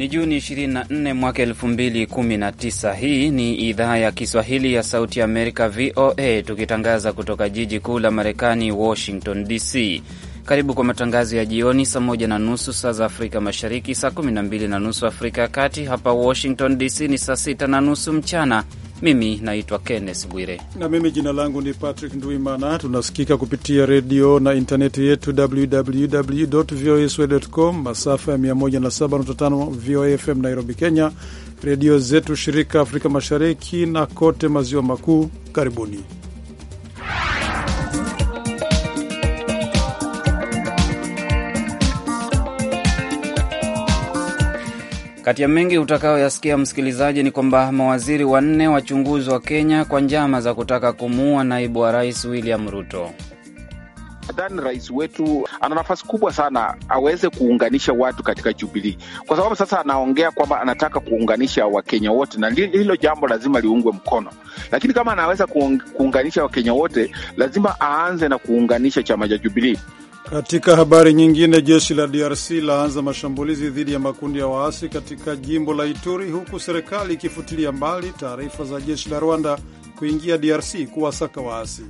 Ni Juni 24 mwaka 2019. Hii ni idhaa ya Kiswahili ya Sauti Amerika, VOA, tukitangaza kutoka jiji kuu la Marekani, Washington DC. Karibu kwa matangazo ya jioni, saa moja na nusu saa za Afrika Mashariki, saa kumi na mbili na nusu Afrika ya Kati. Hapa Washington DC ni saa sita na nusu mchana. Mimi naitwa Kenneth Bwire na mimi jina langu ni Patrick Ndwimana. Tunasikika kupitia redio na intaneti yetu www voa swahili com, masafa ya 107.5 VOA FM Nairobi, Kenya, redio zetu shirika Afrika Mashariki na kote maziwa makuu. Karibuni. Kati ya mengi utakayoyasikia msikilizaji, ni kwamba mawaziri wanne wachunguzwa Kenya kwa njama za kutaka kumuua naibu wa rais William Ruto. Nadhani rais wetu ana nafasi kubwa sana aweze kuunganisha watu katika Jubilii, kwa sababu sasa anaongea kwamba anataka kuunganisha Wakenya wote, na hilo jambo lazima liungwe mkono. Lakini kama anaweza kuunganisha Wakenya wote, lazima aanze na kuunganisha chama cha Jubilii. Katika habari nyingine, jeshi la DRC laanza mashambulizi dhidi ya makundi ya waasi katika jimbo la Ituri, huku serikali ikifutilia mbali taarifa za jeshi la Rwanda kuingia DRC kuwasaka waasi.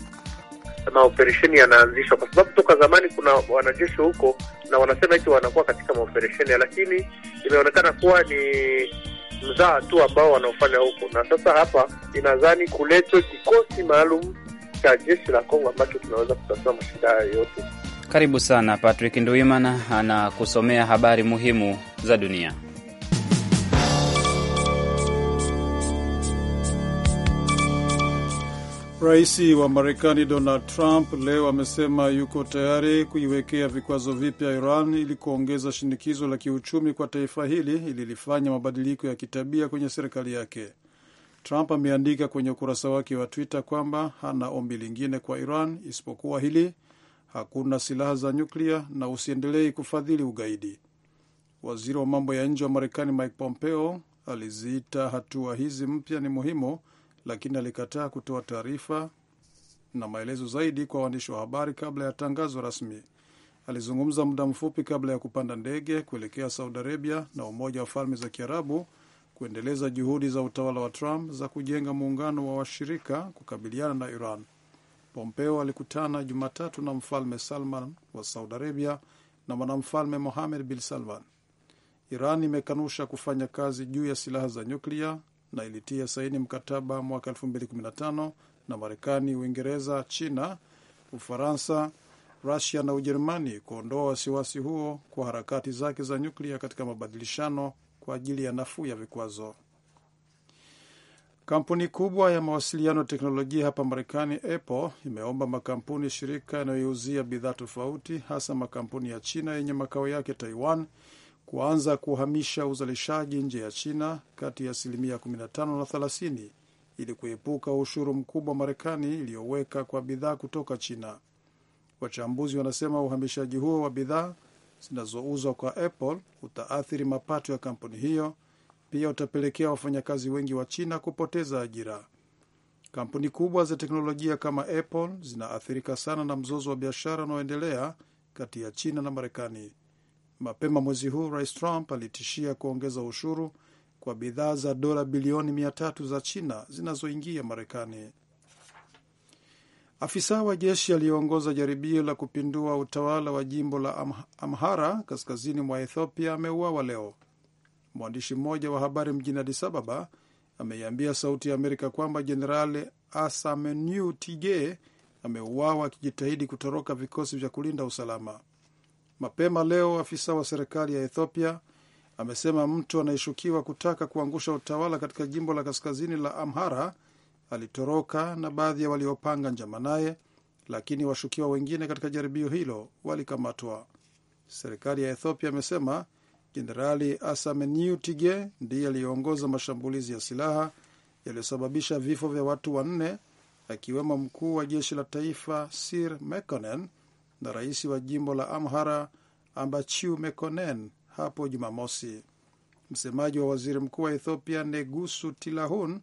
Maoperesheni yanaanzishwa kwa sababu toka zamani kuna wanajeshi huko na wanasema eti wanakuwa katika maoperesheni, lakini imeonekana kuwa ni mzaa tu ambao wanaofanya huko, na sasa hapa inadhani kuletwe kikosi maalum cha jeshi la Kongo ambacho tunaweza kutatua mashida yote. Karibu sana Patrick Nduimana anakusomea habari muhimu za dunia. Rais wa Marekani Donald Trump leo amesema yuko tayari kuiwekea vikwazo vipya Iran ili kuongeza shinikizo la kiuchumi kwa taifa hili ili lifanya mabadiliko ya kitabia kwenye serikali yake. Trump ameandika kwenye ukurasa wake wa Twitter kwamba hana ombi lingine kwa Iran isipokuwa hili hakuna silaha za nyuklia na usiendelei kufadhili ugaidi. Waziri wa mambo ya nje wa Marekani Mike Pompeo aliziita hatua hizi mpya ni muhimu, lakini alikataa kutoa taarifa na maelezo zaidi kwa waandishi wa habari kabla ya tangazo rasmi. Alizungumza muda mfupi kabla ya kupanda ndege kuelekea Saudi Arabia na Umoja wa Falme za Kiarabu kuendeleza juhudi za utawala wa Trump za kujenga muungano wa washirika kukabiliana na Iran. Pompeo alikutana Jumatatu na Mfalme Salman wa Saudi Arabia na Mwanamfalme Mohamed bin Salman. Iran imekanusha kufanya kazi juu ya silaha za nyuklia na ilitia saini mkataba mwaka 2015 na Marekani, Uingereza, China, Ufaransa, Rusia na Ujerumani kuondoa wasiwasi huo kwa harakati zake za nyuklia katika mabadilishano kwa ajili ya nafuu ya vikwazo. Kampuni kubwa ya mawasiliano teknolojia hapa Marekani, Apple, imeomba makampuni shirika yanayouzia bidhaa tofauti, hasa makampuni ya China yenye makao yake Taiwan, kuanza kuhamisha uzalishaji nje ya China kati ya asilimia 15 na 30 ili kuepuka ushuru mkubwa Marekani iliyoweka kwa bidhaa kutoka China. Wachambuzi wanasema uhamishaji huo wa bidhaa zinazouzwa kwa Apple utaathiri mapato ya kampuni hiyo pia utapelekea wafanyakazi wengi wa China kupoteza ajira. Kampuni kubwa za teknolojia kama Apple zinaathirika sana na mzozo wa biashara unaoendelea kati ya China na Marekani. Mapema mwezi huu, Rais Trump alitishia kuongeza ushuru kwa bidhaa za dola bilioni mia tatu za China zinazoingia Marekani. Afisa wa jeshi aliyeongoza jaribio la kupindua utawala wa jimbo la Amhara kaskazini mwa Ethiopia ameuawa leo. Mwandishi mmoja wa habari mjini Addis Ababa ameiambia Sauti ya Amerika kwamba Jenerali asamenu Tige ameuawa akijitahidi kutoroka vikosi vya kulinda usalama. Mapema leo, afisa wa serikali ya Ethiopia amesema mtu anayeshukiwa kutaka kuangusha utawala katika jimbo la kaskazini la Amhara alitoroka na baadhi ya waliopanga njama naye, lakini washukiwa wengine katika jaribio hilo walikamatwa. Serikali ya Ethiopia amesema Jenerali Asameniu Tige ndiye aliyeongoza mashambulizi ya silaha yaliyosababisha vifo vya watu wanne akiwemo mkuu wa jeshi la taifa Sir Mekonen na rais wa jimbo la Amhara Ambachiu Mekonen hapo Jumamosi. Msemaji wa waziri mkuu wa Ethiopia Negusu Tilahun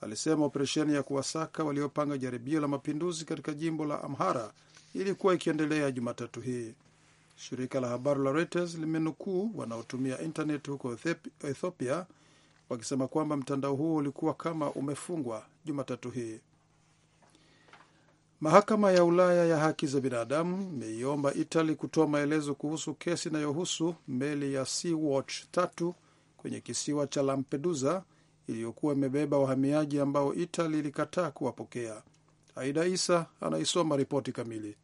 alisema operesheni ya kuwasaka waliopanga jaribio la mapinduzi katika jimbo la Amhara ilikuwa ikiendelea Jumatatu hii. Shirika la habari la Reuters limenukuu wanaotumia internet huko Ethiopia wakisema kwamba mtandao huo ulikuwa kama umefungwa Jumatatu hii. Mahakama ya Ulaya ya haki za binadamu imeiomba Itali kutoa maelezo kuhusu kesi inayohusu meli ya Sea Watch tatu kwenye kisiwa cha Lampedusa iliyokuwa imebeba wahamiaji ambao Itali ilikataa kuwapokea. Aida Isa anaisoma ripoti kamili.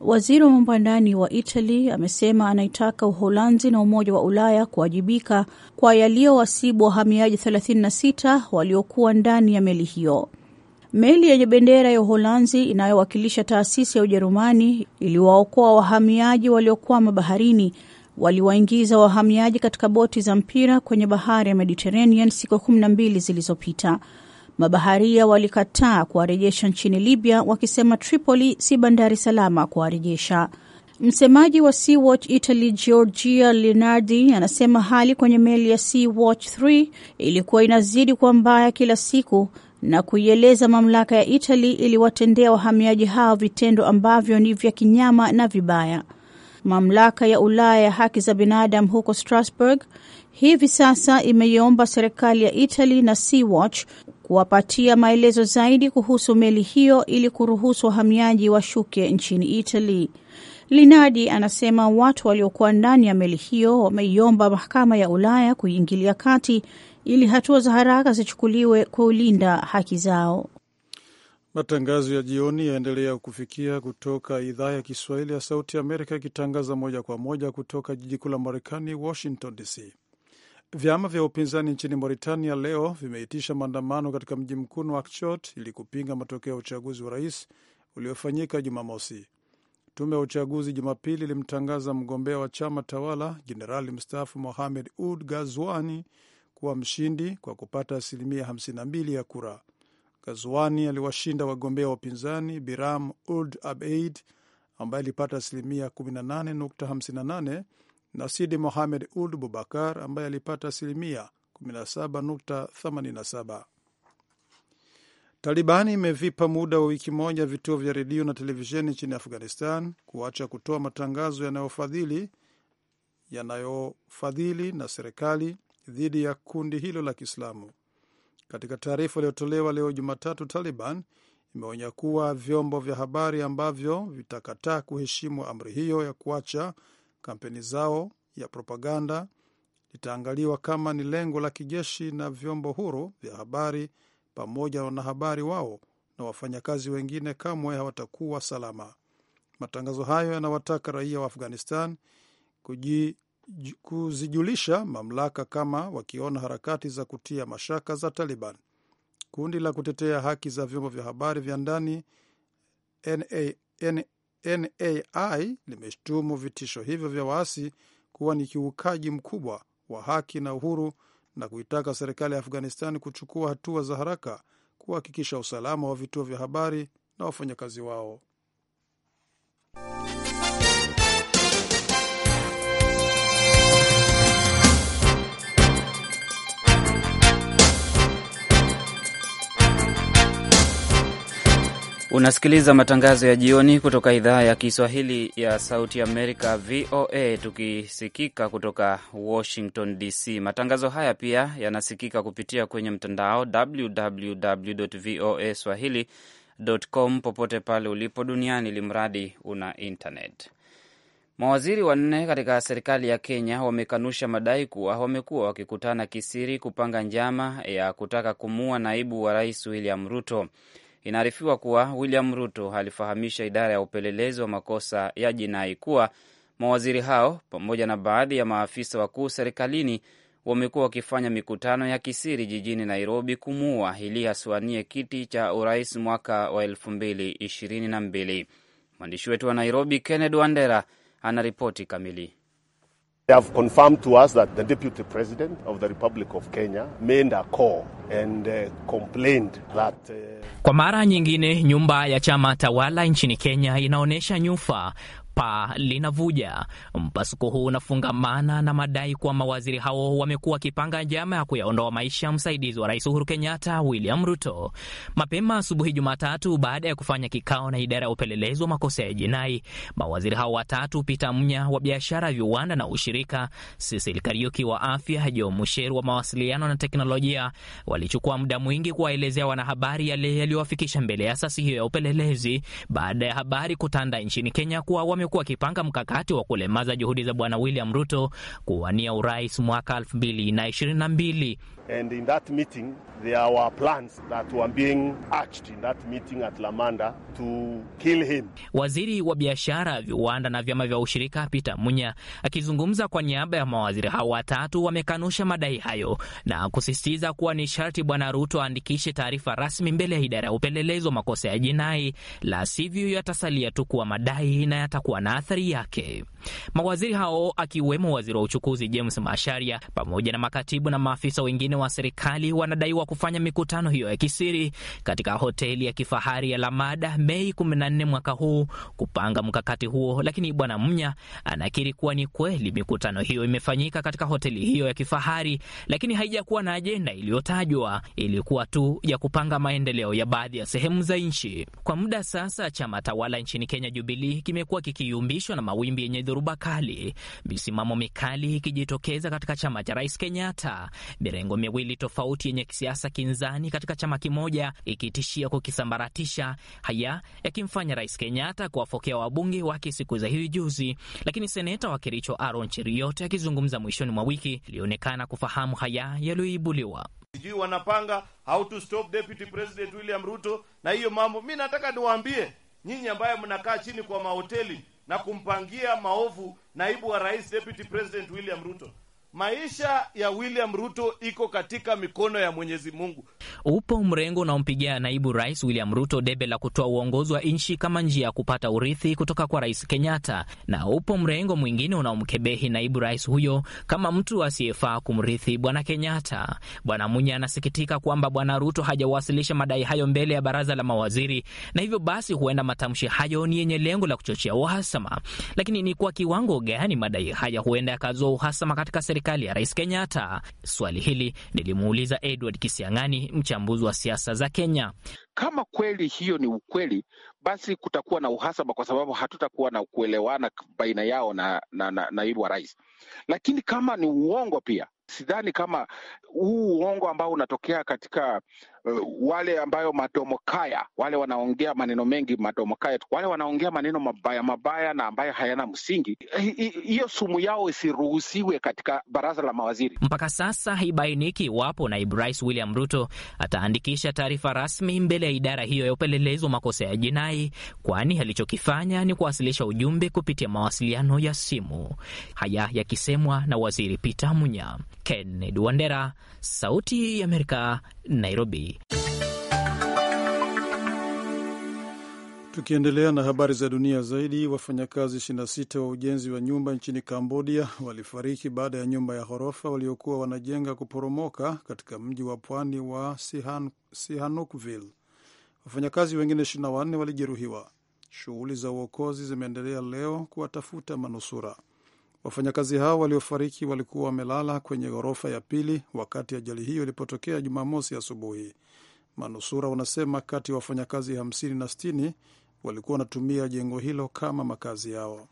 Waziri wa mambo ya ndani wa Italy amesema anaitaka Uholanzi na Umoja wa Ulaya kuwajibika kwa yaliyowasibu wahamiaji 36 waliokuwa ndani ya meli hiyo. Meli yenye bendera ya Uholanzi inayowakilisha taasisi ya Ujerumani iliwaokoa wahamiaji waliokwama baharini. Waliwaingiza wahamiaji katika boti za mpira kwenye bahari ya Mediterranean siku 12 zilizopita. Mabaharia walikataa kuwarejesha nchini Libya wakisema Tripoli si bandari salama kuwarejesha. Msemaji wa Sea Watch Italy Giorgia Linardi anasema hali kwenye meli ya Sea Watch 3 ilikuwa inazidi kuwa mbaya kila siku na kuieleza mamlaka ya Italy iliwatendea wahamiaji hao vitendo ambavyo ni vya kinyama na vibaya. Mamlaka ya Ulaya ya haki za binadamu huko Strasbourg hivi sasa imeiomba serikali ya Italy na Sea Watch kuwapatia maelezo zaidi kuhusu meli hiyo ili kuruhusu wahamiaji washuke nchini Italy. Linadi anasema watu waliokuwa ndani ya meli hiyo wameiomba mahakama ya Ulaya kuingilia kati ili hatua za haraka zichukuliwe kulinda haki zao. Matangazo ya jioni yaendelea kufikia kutoka idhaa ya Kiswahili ya Sauti ya Amerika, ikitangaza moja kwa moja kutoka jiji kuu la Marekani, Washington DC. Vyama vya upinzani nchini Mauritania leo vimeitisha maandamano katika mji mkuu Nouakchott ili kupinga matokeo ya uchaguzi wa rais uliofanyika Jumamosi. Tume ya uchaguzi Jumapili ilimtangaza mgombea wa chama tawala jenerali mstaafu Mohamed Ould Ghazouani kuwa mshindi kwa kupata asilimia 52 ya kura. Ghazouani aliwashinda wagombea wa upinzani Biram Ould Abeid ambaye alipata asilimia 18.58 na Sidi Mohamed Uld Bubakar ambaye alipata asilimia 17.87. Talibani imevipa muda wa wiki moja vituo vya redio na televisheni nchini Afghanistan kuacha kutoa matangazo yanayofadhili yanayofadhili na serikali dhidi ya kundi hilo la Kiislamu. Katika taarifa iliyotolewa leo Jumatatu, Taliban imeonya kuwa vyombo vya habari ambavyo vitakataa kuheshimu amri hiyo ya kuacha kampeni zao ya propaganda litaangaliwa kama ni lengo la kijeshi na vyombo huru vya habari pamoja na wanahabari wao na wafanyakazi wengine kamwe hawatakuwa salama. Matangazo hayo yanawataka raia wa Afghanistan kuji, kuzijulisha mamlaka kama wakiona harakati za kutia mashaka za Taliban. Kundi la kutetea haki za vyombo vya habari vya ndani NAI limeshtumu vitisho hivyo vya waasi kuwa ni kiukaji mkubwa wa haki na uhuru na kuitaka serikali ya Afghanistan kuchukua hatua za haraka kuhakikisha usalama wa vituo vya habari na wafanyakazi wao. Unasikiliza matangazo ya jioni kutoka idhaa ya Kiswahili ya Sauti Amerika, VOA, tukisikika kutoka Washington DC. Matangazo haya pia yanasikika kupitia kwenye mtandao www voa swahili.com, popote pale ulipo duniani, ili mradi una internet. Mawaziri wanne katika serikali ya Kenya wamekanusha madai kuwa wamekuwa wakikutana kisiri kupanga njama ya kutaka kumua naibu wa rais William Ruto. Inaarifiwa kuwa William Ruto alifahamisha idara ya upelelezi wa makosa ya jinai kuwa mawaziri hao pamoja na baadhi ya maafisa wakuu serikalini wamekuwa wakifanya mikutano ya kisiri jijini Nairobi kumuua ili asiwanie kiti cha urais mwaka wa elfu mbili ishirini na mbili. Mwandishi wetu wa Nairobi, kenned Wandera, anaripoti kamili. They have confirmed to us that the Deputy President of the Republic of Kenya made a call and uh, complained that uh... Kwa mara nyingine nyumba ya chama tawala nchini Kenya inaonyesha nyufa paa linavuja. Mpasuko huu unafungamana na madai kuwa mawaziri hao wamekuwa wakipanga njama ya kuyaondoa maisha msaidizi wa rais Uhuru Kenyatta, William Ruto. Mapema asubuhi Jumatatu, baada ya kufanya kikao na idara ya upelelezi wa makosa ya jinai, mawaziri hao watatu, Peter Munya wa biashara, viwanda na ushirika, Cecil Kariuki wa afya, Jo Musheru wa mawasiliano na teknolojia, walichukua muda mwingi kuwaelezea wanahabari yale yaliyowafikisha mbele ya asasi hiyo ya upelelezi baada ya habari kutanda nchini Kenya kuwa wame amekuwa akipanga mkakati wa kulemaza juhudi za Bwana William Ruto kuwania urais mwaka 2022. And in that meeting there were plans that were being hatched in that meeting at Lamanda to kill him. Waziri wa biashara, viwanda na vyama vya ushirika Peter Munya akizungumza kwa niaba ya mawaziri hao watatu wamekanusha madai hayo na kusisitiza kuwa ni sharti Bwana Ruto aandikishe taarifa rasmi mbele ya idara ya upelelezi wa makosa ya jinai, la sivyo yatasalia tu kuwa madai na yatakuwa kuwa na athari yake. Mawaziri hao akiwemo waziri wa uchukuzi James Masharia pamoja na makatibu na maafisa wengine wa serikali wanadaiwa kufanya mikutano hiyo ya kisiri katika hoteli ya kifahari ya Lamada Mei 14 mwaka huu kupanga mkakati huo, lakini Bwana Mnya anakiri kuwa ni kweli mikutano hiyo imefanyika katika hoteli hiyo ya kifahari, lakini haijakuwa na ajenda iliyotajwa, ilikuwa tu ya kupanga maendeleo ya baadhi ya sehemu za nchi. Kwa muda sasa, chama tawala nchini Kenya Jubilii kimekuwa kiki yaliyoyumbishwa na mawimbi yenye dhoruba kali, misimamo mikali ikijitokeza katika chama cha Rais Kenyatta, mirengo miwili tofauti yenye kisiasa kinzani katika chama kimoja ikitishia kukisambaratisha. Haya yakimfanya Rais Kenyatta kuwafokea wabunge wake siku za hivi juzi, lakini seneta wa Kericho Aaron Cheruiyot akizungumza mwishoni mwa wiki ilionekana kufahamu haya yaliyoibuliwa. Sijui wanapanga how to stop Deputy President William Ruto na hiyo mambo. Mi nataka niwaambie nyinyi ambayo mnakaa chini kwa mahoteli na kumpangia maovu naibu wa rais Deputy President William Ruto. Maisha ya William Ruto iko katika mikono ya Mwenyezi Mungu. Upo mrengo unaompigia naibu rais William Ruto debe la kutoa uongozi wa nchi kama njia ya kupata urithi kutoka kwa rais Kenyatta, na upo mrengo mwingine unaomkebehi naibu rais huyo kama mtu asiyefaa kumrithi bwana Kenyatta. Bwana Munya anasikitika kwamba bwana Ruto hajawasilisha madai hayo mbele ya baraza la mawaziri, na hivyo basi huenda matamshi hayo ni yenye lengo la kuchochea uhasama. Lakini ni kwa kiwango gani madai haya huenda yakazua uhasama katika serikali ya Rais Kenyatta? Swali hili nilimuuliza Edward Kisiang'ani, mchambuzi wa siasa za Kenya. Kama kweli hiyo ni ukweli, basi kutakuwa na uhasama, kwa sababu hatutakuwa na kuelewana baina yao na naibu na, na wa rais. Lakini kama ni uongo pia, sidhani kama huu uongo ambao unatokea katika Eh, wale ambayo madomo kaya, wale wanaongea maneno mengi madomokaya wale wanaongea maneno mabaya mabaya na ambayo hayana msingi, eh, hiyo sumu yao isiruhusiwe katika baraza la mawaziri. Mpaka sasa haibainiki iwapo naibu rais William Ruto ataandikisha taarifa rasmi mbele ya idara hiyo ya upelelezi wa makosa ya jinai, kwani alichokifanya ni kuwasilisha ujumbe kupitia mawasiliano ya simu. Haya yakisemwa na waziri Peter Munya. Kennedy Wandera, Sauti ya Amerika, Nairobi. Tukiendelea na habari za dunia zaidi, wafanyakazi 26 wa ujenzi wa nyumba nchini Kambodia walifariki baada ya nyumba ya ghorofa waliokuwa wanajenga kuporomoka katika mji wa pwani wa Sihan, Sihanoukville. Wafanyakazi wengine 24 walijeruhiwa. Shughuli za uokozi zimeendelea leo kuwatafuta manusura. Wafanyakazi hao waliofariki walikuwa wamelala kwenye ghorofa ya pili wakati ajali hiyo ilipotokea Jumamosi asubuhi. Manusura wanasema kati ya wafanyakazi hamsini na 60 walikuwa wanatumia jengo hilo kama makazi yao.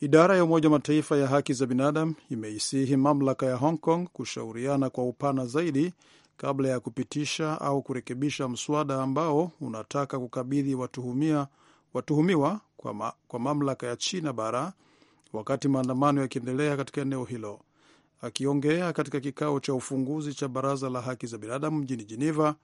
Idara ya Umoja wa Mataifa ya haki za binadamu imeisihi mamlaka ya Hong Kong kushauriana kwa upana zaidi kabla ya kupitisha au kurekebisha mswada ambao unataka kukabidhi watuhumiwa kwa, ma, kwa mamlaka ya China bara wakati maandamano yakiendelea katika eneo hilo. Akiongea katika kikao cha ufunguzi cha baraza la haki za binadamu mjini Geneva,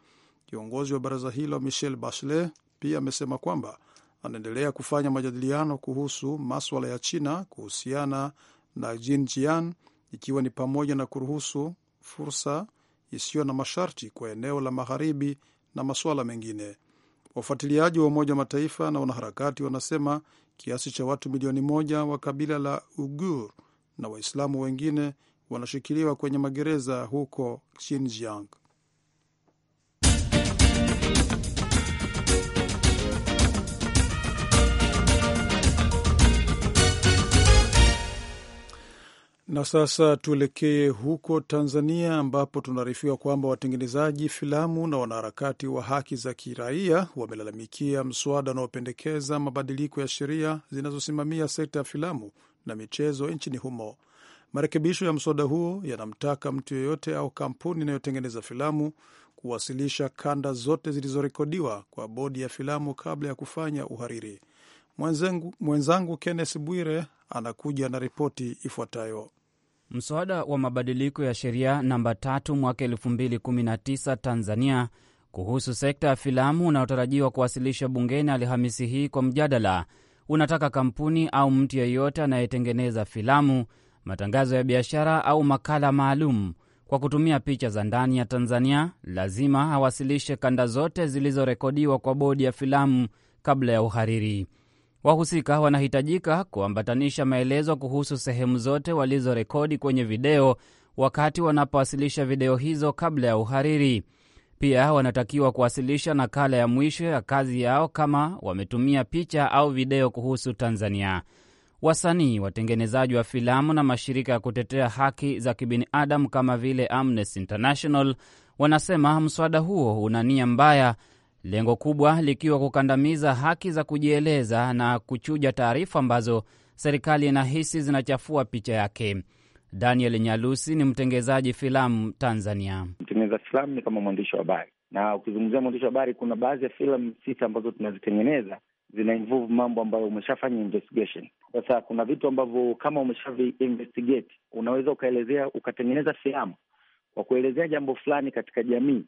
kiongozi wa baraza hilo michel Bachelet pia amesema kwamba anaendelea kufanya majadiliano kuhusu maswala ya China kuhusiana na Xinjiang, ikiwa ni pamoja na kuruhusu fursa isiyo na masharti kwa eneo la magharibi na masuala mengine. Wafuatiliaji wa Umoja wa Mataifa na wanaharakati wanasema kiasi cha watu milioni moja wa kabila la ugur na Waislamu wengine wanashikiliwa kwenye magereza huko Xinjiang. Na sasa tuelekee huko Tanzania ambapo tunaarifiwa kwamba watengenezaji filamu na wanaharakati wa haki za kiraia wamelalamikia mswada unaopendekeza mabadiliko ya sheria zinazosimamia sekta ya filamu na michezo nchini humo. Marekebisho ya mswada huo yanamtaka mtu yeyote au kampuni inayotengeneza filamu kuwasilisha kanda zote zilizorekodiwa kwa bodi ya filamu kabla ya kufanya uhariri. Mwenzangu, mwenzangu Bwire anakuja na ripoti ifuatayo. Mswada wa mabadiliko ya sheria namba 3 mwaka 2019 Tanzania kuhusu sekta ya filamu unaotarajiwa kuwasilisha bungeni Alhamisi hii kwa mjadala unataka kampuni au mtu yeyote anayetengeneza filamu, matangazo ya biashara au makala maalum kwa kutumia picha za ndani ya Tanzania lazima awasilishe kanda zote zilizorekodiwa kwa bodi ya filamu kabla ya uhariri. Wahusika wanahitajika kuambatanisha maelezo kuhusu sehemu zote walizorekodi kwenye video wakati wanapowasilisha video hizo kabla ya uhariri. Pia wanatakiwa kuwasilisha nakala ya mwisho ya kazi yao kama wametumia picha au video kuhusu Tanzania. Wasanii, watengenezaji wa filamu na mashirika ya kutetea haki za kibinadamu kama vile Amnesty International wanasema mswada huo una nia mbaya lengo kubwa likiwa kukandamiza haki za kujieleza na kuchuja taarifa ambazo serikali inahisi zinachafua picha yake. Daniel Nyalusi ni mtengezaji filamu Tanzania. Mtengeza filamu ni kama mwandishi wa habari, na ukizungumzia mwandishi wa habari, kuna baadhi ya filamu sita ambazo tunazitengeneza zina involve mambo ambayo umeshafanya investigation. Sasa kuna vitu ambavyo kama umeshavi investigate, unaweza ukaelezea ukatengeneza filamu kwa kuelezea jambo fulani katika jamii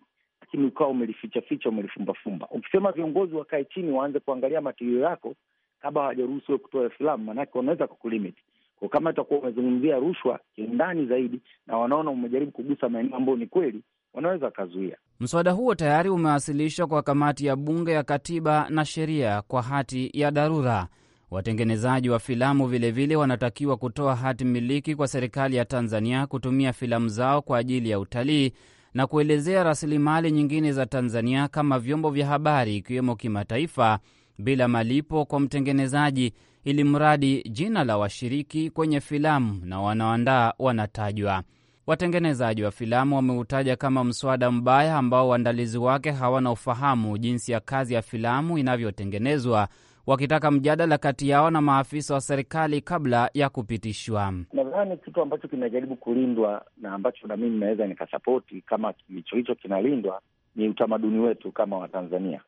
lakini ukawa umelifichaficha umelifumbafumba. Ukisema viongozi wakae chini waanze kuangalia matirio yako kabla hawajaruhusu we kutoa filamu, maanake wanaweza kukulimit kwa kama itakuwa umezungumzia rushwa kiundani zaidi na wanaona umejaribu kugusa maeneo ambayo ni kweli, wanaweza wakazuia. Mswada huo tayari umewasilishwa kwa kamati ya bunge ya katiba na sheria kwa hati ya dharura. Watengenezaji wa filamu vilevile vile wanatakiwa kutoa hati miliki kwa serikali ya Tanzania kutumia filamu zao kwa ajili ya utalii na kuelezea rasilimali nyingine za Tanzania kama vyombo vya habari ikiwemo kimataifa bila malipo kwa mtengenezaji, ili mradi jina la washiriki kwenye filamu na wanaoandaa wanatajwa. Watengenezaji wa filamu wameutaja kama mswada mbaya ambao waandalizi wake hawana ufahamu jinsi ya kazi ya filamu inavyotengenezwa wakitaka mjadala kati yao na maafisa wa serikali kabla ya kupitishwa. Nadhani kitu ambacho kinajaribu kulindwa na ambacho na mimi naweza nikasapoti kama kilicho hicho kinalindwa ni utamaduni wetu kama Watanzania.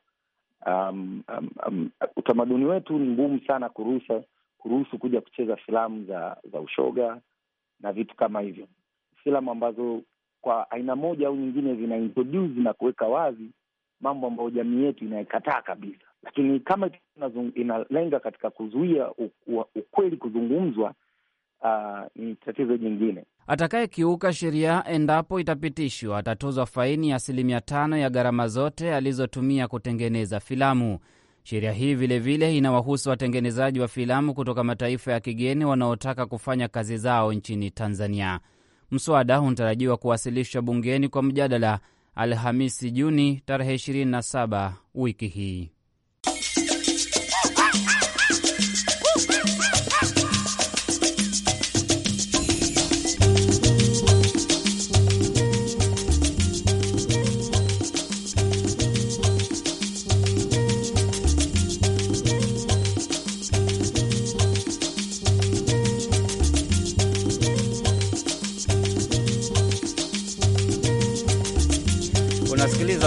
Um, um, um, utamaduni wetu ni ngumu sana kuruhusa kuruhusu kuja kucheza filamu za za ushoga na vitu kama hivyo, filamu ambazo kwa aina moja au nyingine zina introduce na kuweka wazi mambo ambayo jamii yetu inayekataa kabisa. Lakini kama inalenga katika kuzuia ukweli kuzungumzwa, uh, ni tatizo jingine. Atakayekiuka sheria, endapo itapitishwa, atatozwa faini ya asilimia tano ya gharama zote alizotumia kutengeneza filamu. Sheria hii vilevile inawahusu watengenezaji wa filamu kutoka mataifa ya kigeni wanaotaka kufanya kazi zao nchini Tanzania. Mswada unatarajiwa kuwasilishwa bungeni kwa mjadala Alhamisi, Juni tarehe 27 wiki hii.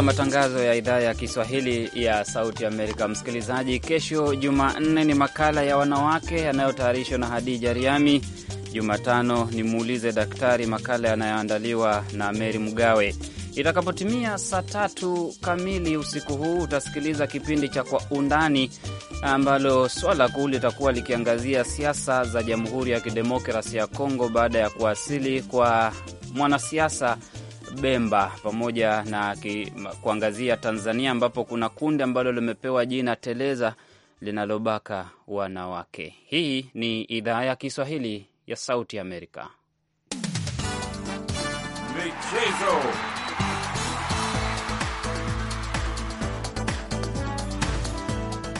matangazo ya idhaa ya Kiswahili ya Sauti Amerika. Msikilizaji, kesho Jumanne ni makala ya wanawake yanayotayarishwa na Hadija Riami. Jumatano ni muulize daktari, makala yanayoandaliwa na Meri Mgawe. Itakapotimia saa tatu kamili usiku huu utasikiliza kipindi cha Kwa Undani ambalo swala kuu litakuwa likiangazia siasa za Jamhuri ya Kidemokrasi ya Kongo baada ya kuwasili kwa mwanasiasa Bemba pamoja na kuangazia Tanzania ambapo kuna kundi ambalo limepewa jina Teleza linalobaka wanawake. Hii ni idhaa ya Kiswahili ya Sauti Amerika. Michezo.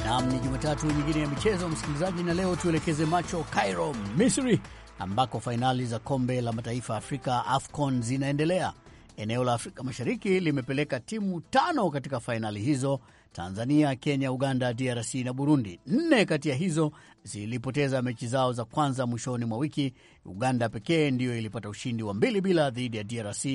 Nam, ni Jumatatu nyingine ya michezo, msikilizaji, na leo tuelekeze macho Cairo, Misri, ambako fainali za kombe la mataifa Afrika AFCON zinaendelea Eneo la Afrika Mashariki limepeleka timu tano katika fainali hizo: Tanzania, Kenya, Uganda, DRC na Burundi. Nne kati ya hizo zilipoteza mechi zao za kwanza mwishoni mwa wiki. Uganda pekee ndiyo ilipata ushindi wa mbili bila dhidi ya DRC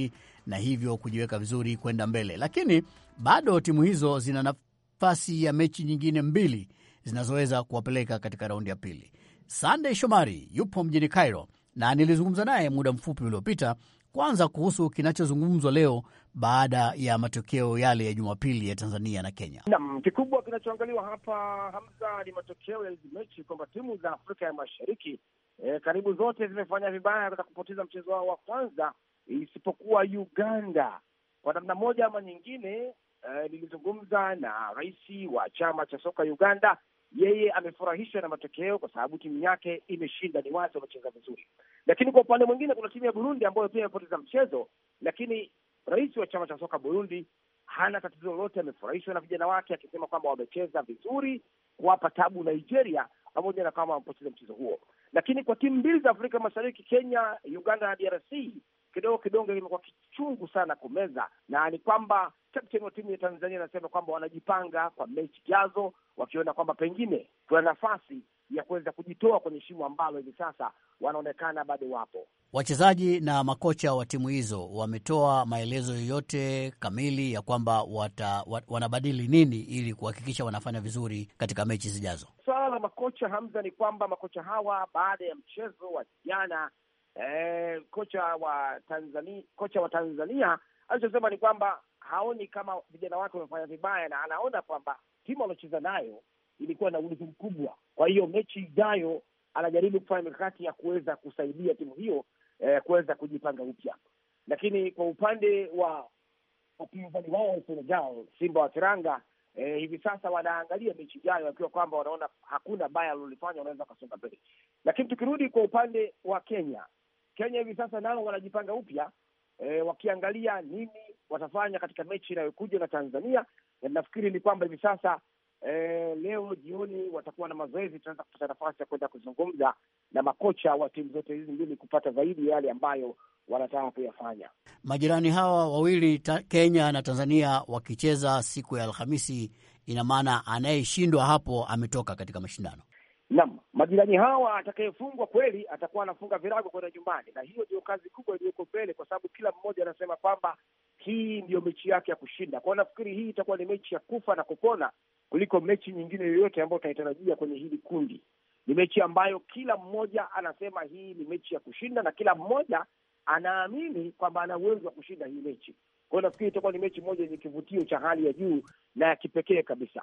na hivyo kujiweka vizuri kwenda mbele, lakini bado timu hizo zina nafasi ya mechi nyingine mbili zinazoweza kuwapeleka katika raundi ya pili. Sandey Shomari yupo mjini Cairo na nilizungumza naye muda mfupi uliopita kwanza kuhusu kinachozungumzwa leo baada ya matokeo yale ya Jumapili ya Tanzania na Kenya. Naam, kikubwa kinachoangaliwa hapa Hamza ni matokeo ya hizi mechi, kwamba timu za Afrika ya Mashariki e, karibu zote zimefanya vibaya katika kupoteza mchezo wao wa kwanza, isipokuwa Uganda. Kwa namna moja ama nyingine, e, nilizungumza na rais wa chama cha soka Uganda yeye amefurahishwa na matokeo kwa sababu timu yake imeshinda, ni wazi wamecheza vizuri. Lakini kwa upande mwingine, kuna timu ya Burundi ambayo pia imepoteza mchezo, lakini rais wa chama cha soka Burundi hana tatizo lolote, amefurahishwa na vijana wake, akisema kwamba wamecheza vizuri, kuwapa tabu Nigeria, pamoja na kama wamepoteza mchezo huo. Lakini kwa timu mbili za Afrika Mashariki, Kenya, Uganda na DRC, kidogo kidonge kimekuwa kichungu sana kumeza, na ni kwamba kapteni wa timu ya Tanzania anasema kwamba wanajipanga kwa mechi jazo, wakiona kwamba pengine kuna nafasi ya kuweza kujitoa kwenye shimo ambalo hivi sasa wanaonekana bado wapo. Wachezaji na makocha wa timu hizo wametoa maelezo yoyote kamili ya kwamba wata, wat, wanabadili nini ili kuhakikisha wanafanya vizuri katika mechi zijazo. Swala la makocha Hamza, ni kwamba makocha hawa baada ya mchezo wa jana eh, kocha wa Tanzania, kocha wa Tanzania alichosema ni kwamba haoni kama vijana wake wamefanya vibaya, na anaona kwamba timu aliocheza nayo ilikuwa na uwezo mkubwa. Kwa hiyo mechi ijayo anajaribu kufanya mikakati ya kuweza kusaidia timu hiyo eh, kuweza kujipanga upya. Lakini kwa upande wa wapinzani wao Senegal, Simba wa Teranga, eh, hivi sasa wanaangalia mechi ijayo wakiwa kwamba wanaona hakuna baya alilolifanya, wanaweza wakasonga mbele. Lakini tukirudi kwa upande wa Kenya, Kenya hivi sasa nao wanajipanga upya eh, wakiangalia nini watafanya katika mechi inayokuja na Tanzania, na nafikiri ni kwamba hivi sasa eh, leo jioni watakuwa na mazoezi, tunaweza kupata nafasi ya kwenda kuzungumza na makocha wa timu zote hizi mbili kupata zaidi yale ambayo wanataka kuyafanya. Majirani hawa wawili Kenya na Tanzania wakicheza siku ya Alhamisi, ina maana anayeshindwa hapo ametoka katika mashindano. Naam, majirani hawa, atakayefungwa kweli atakuwa anafunga virago kwenda nyumbani, na hiyo ndio kazi kubwa iliyoko mbele, kwa sababu kila mmoja anasema kwamba hii ndiyo mechi yake ya kushinda kwao. Nafikiri hii itakuwa ni mechi ya kufa na kupona kuliko mechi nyingine yoyote ambayo tunaitarajia kwenye hili kundi. Ni mechi ambayo kila mmoja anasema hii ni mechi ya kushinda na kila mmoja anaamini kwamba ana uwezo wa kushinda hii mechi. Kwa hiyo nafikiri itakuwa ni mechi moja yenye kivutio cha hali ya juu na ya kipekee kabisa.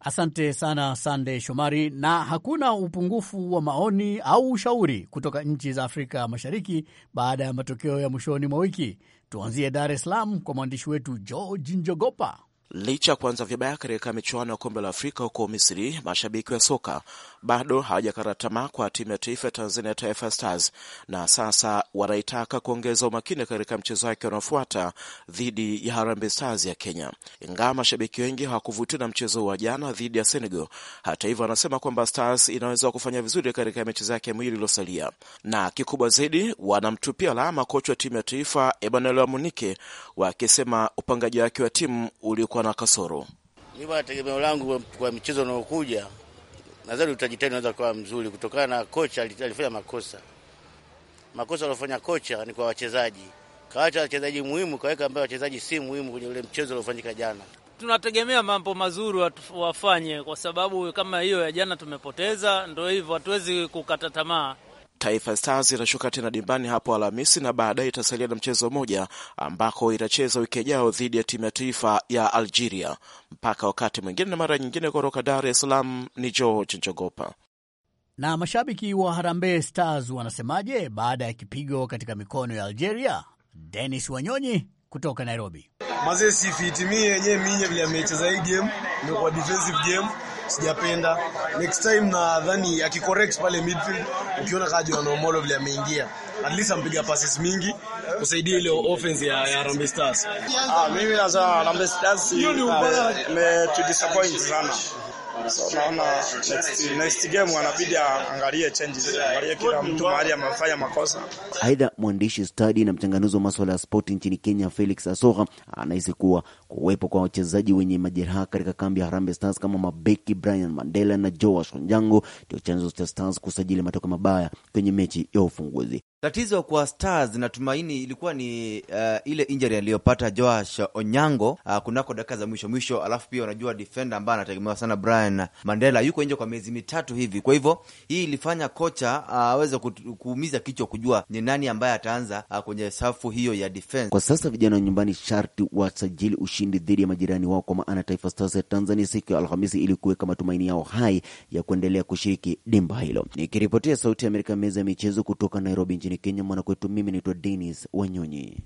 Asante sana Sande Shomari. Na hakuna upungufu wa maoni au ushauri kutoka nchi za Afrika Mashariki baada ya matokeo ya mwishoni mwa wiki. Tuanzie Dar es Salaam kwa mwandishi wetu George Njogopa. Licha ya kuanza vibaya katika michuano ya kombe la Afrika huko Misri, mashabiki wa soka bado hawajakata tamaa kwa timu ya taifa ya Tanzania, Taifa Stars, na sasa wanaitaka kuongeza umakini katika mchezo wake unaofuata dhidi ya Harambee Stars ya Kenya. Ingawa mashabiki wengi hawakuvutiwa na mchezo wa jana dhidi ya Senegal, hata hivyo, wanasema kwamba Stars inaweza kufanya vizuri katika michezo yake miwili iliyosalia, na kikubwa zaidi, wanamtupia lawama kocha wa timu ya taifa Emmanuel Amunike, wakisema upangaji wake wa timu ulikuwa na kasoro. bwana, tegemeo langu kwa mchezo unaokuja, nadhani utajitahidi, unaweza kuwa mzuri kutokana na kocha alifanya makosa. Makosa aliofanya kocha ni kwa wachezaji, kawacha wachezaji muhimu, kaweka ambayo wachezaji si muhimu kwenye ule mchezo uliofanyika jana. Tunategemea mambo mazuri wafanye, kwa sababu kama hiyo ya jana tumepoteza, ndo hivyo, hatuwezi kukata tamaa. Taifa Stars itashuka tena dimbani hapo Alhamisi na baadaye itasalia na mchezo mmoja ambako itacheza wiki ijayo dhidi ya timu ya taifa ya Algeria. Mpaka wakati mwingine na mara nyingine, kutoka Dar es Salaam ni George Njogopa. Na mashabiki wa Harambee Stars wanasemaje baada ya kipigo katika mikono ya Algeria? Denis Wanyonyi kutoka Nairobi. Mazee sifitimie yenyewe minye vile amecheza hii game, imekuwa defensive game sijapenda. Next time nadhani akicorrect pale midfield, ukiona kaji wa Nomolo vile ameingia, at least ampiga passes mingi kusaidia ile offense ya, ya Harambee Stars. Ah, mimi nasema Harambee Stars ime eh, to disappoint sana So naona next, game anabidi angalie changes, angalie kila mtu mahali amefanya makosa. Aidha, mwandishi stadi na mchanganuzi wa masuala ya spoti nchini Kenya Felix Asoha, anahisi kuwa kuwepo kwa wachezaji wenye majeraha katika kambi ya Harambee Stars kama mabeki Brian Mandela na Joash Onyango ndio chanzo cha Stars kusajili matokeo mabaya kwenye mechi ya ufunguzi. Tatizo kwa Stars natumaini ilikuwa ni uh, ile injury aliyopata Joash Onyango uh, kunako dakika za mwisho mwisho, alafu pia unajua defender ambaye anategemewa sana Brian Mandela yuko nje kwa miezi mitatu hivi. Kwa hivyo hii ilifanya kocha uh, aweze uh, kuumiza kichwa kujua ni nani ambaye ataanza uh, kwenye safu hiyo ya defense. Kwa sasa vijana wa nyumbani sharti wasajili ushindi dhidi ya majirani wao, kwa maana Taifa Stars ya Tanzania siku ya Alhamisi ili kuweka matumaini yao hai ya kuendelea kushiriki dimba hilo. Nikiripotia Sauti ya Amerika, meza ya michezo kutoka Nairobi nchini nchini Kenya, mwanakwetu. Mimi naitwa Denis Wanyonyi.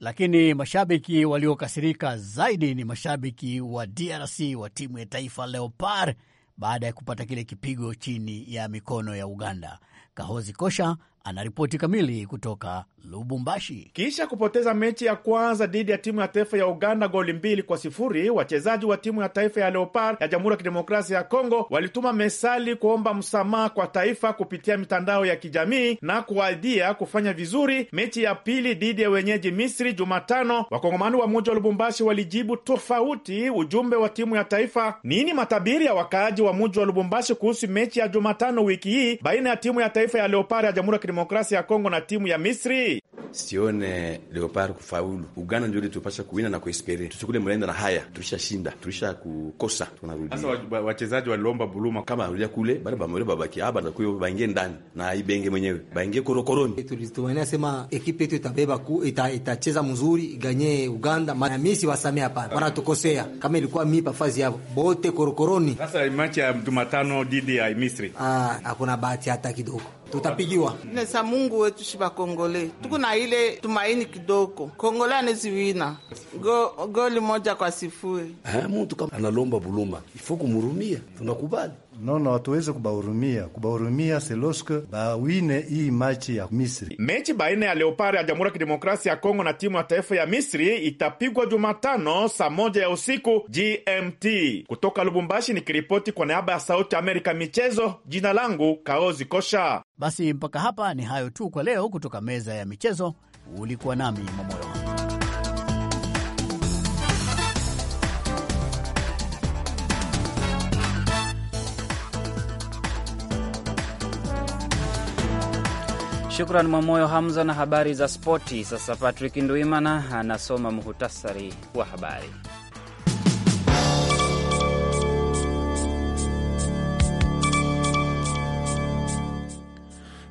Lakini mashabiki waliokasirika zaidi ni mashabiki wa DRC wa timu ya taifa Leopard baada ya kupata kile kipigo chini ya mikono ya Uganda. Kahozi Kosha anaripoti kamili kutoka Lubumbashi. Kisha kupoteza mechi ya kwanza dhidi ya timu ya taifa ya Uganda goli mbili kwa sifuri, wachezaji wa timu ya taifa ya Leopard ya Jamhuri ya Kidemokrasia ya Kongo walituma mesali kuomba msamaha kwa taifa kupitia mitandao ya kijamii na kuahidia kufanya vizuri mechi ya pili dhidi ya wenyeji Misri Jumatano. Wakongomani wa muji wa Lubumbashi walijibu tofauti ujumbe wa timu ya taifa. Nini matabiri ya wakaaji wa muji wa Lubumbashi kuhusu mechi ya Jumatano wiki hii baina ya timu ya taifa ya Leopard ya Jamhuri ya Kidemokrasia ya Kongo na timu ya Misri? sione Leopard kufaulu. Uganda ndio litupasha kuwina na kuespere tuchukule mlenda, na haya tulishashinda, tulisha kukosa, tunarudi sasa. Wachezaji waliomba buluma kama rudia kule bale bamole babaki hapa na kuyo baingie ndani na ibenge mwenyewe baingie korokoroni. Tulituania sema ekipe yetu itabeba ku ita, itacheza mzuri iganye Uganda, maana mimi si wasamee hapa bana tukosea, kama ilikuwa mipa fazi yao bote korokoroni. Sasa match ya Jumatano dhidi ya Misri, ah hakuna bahati hata kidogo tutapigiwa nesa. Mungu wetu Kongole, tuku na ile tumaini kidogo, kongole aneziwina go, goli moja kwa sifuri. Eh, Mutu kama analomba buluma ifo kumurumia, tunakubali nono hatuweze kubahurumia kubahurumia seloske bawine hii machi ya Misri. Mechi baina ya leopar ya Jamhuri ya Kidemokrasia ya Kongo na timu ya taifa ya Misri itapigwa Jumatano saa moja ya usiku GMT. Kutoka Lubumbashi ni kiripoti kwa niaba ya Sauti Amerika michezo, jina langu Kaozi Kosha. Basi mpaka hapa ni hayo tu kwa leo, kutoka meza ya michezo. Ulikuwa nami Mamoyo. Shukran Mwamoyo Hamza na habari za spoti. Sasa Patrick Ndwimana anasoma muhutasari wa habari.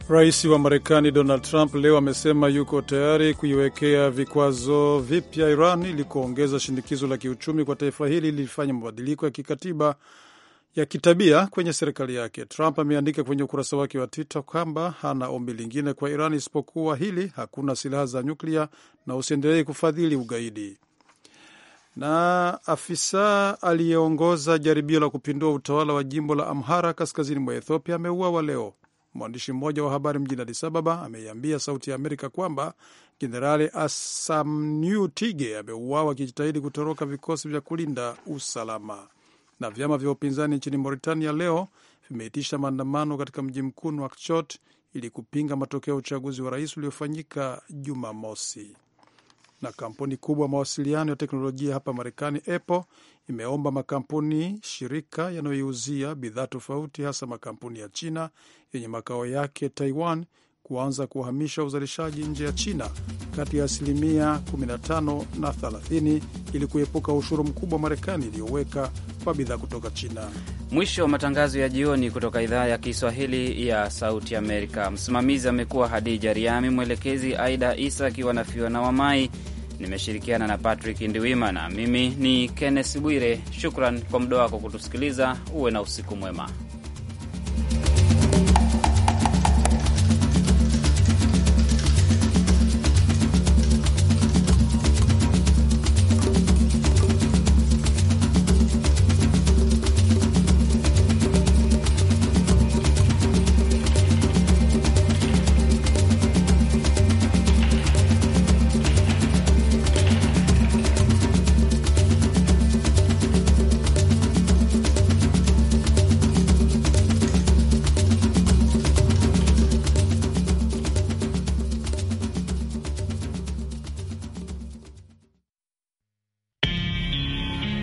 Rais wa Marekani Donald Trump leo amesema yuko tayari kuiwekea vikwazo vipya Iran ili kuongeza shinikizo la kiuchumi kwa taifa hili lilifanya mabadiliko ya kikatiba ya kitabia kwenye serikali yake. Trump ameandika kwenye ukurasa wake wa Twitter kwamba hana ombi lingine kwa Iran isipokuwa hili: hakuna silaha za nyuklia na usiendelee kufadhili ugaidi. Na afisa aliyeongoza jaribio la kupindua utawala wa jimbo la Amhara kaskazini mwa Ethiopia ameuawa leo. Mwandishi mmoja wa habari mjini Addis Ababa ameiambia Sauti ya Amerika kwamba Jenerali Asamniu Tige ameuawa akijitahidi kutoroka vikosi vya kulinda usalama na vyama vya upinzani nchini Mauritania leo vimeitisha maandamano katika mji mkuu Nouakchott ili kupinga matokeo ya uchaguzi wa rais uliofanyika Jumamosi. Na kampuni kubwa mawasiliano ya teknolojia hapa Marekani, Apple imeomba makampuni shirika yanayoiuzia bidhaa tofauti, hasa makampuni ya China yenye makao yake Taiwan kuanza kuhamisha uzalishaji nje ya China kati ya asilimia 15 na 30 ili kuepuka ushuru mkubwa Marekani iliyoweka kwa bidhaa kutoka China. Mwisho wa matangazo ya jioni kutoka idhaa ya Kiswahili ya Sauti Amerika. Msimamizi amekuwa Hadija Riami, mwelekezi Aida Isa akiwa na Fiona Wamai. Nimeshirikiana na Patrick ndiwimana mimi ni Kenneth Bwire. Shukran kwa muda wako kutusikiliza. Uwe na usiku mwema.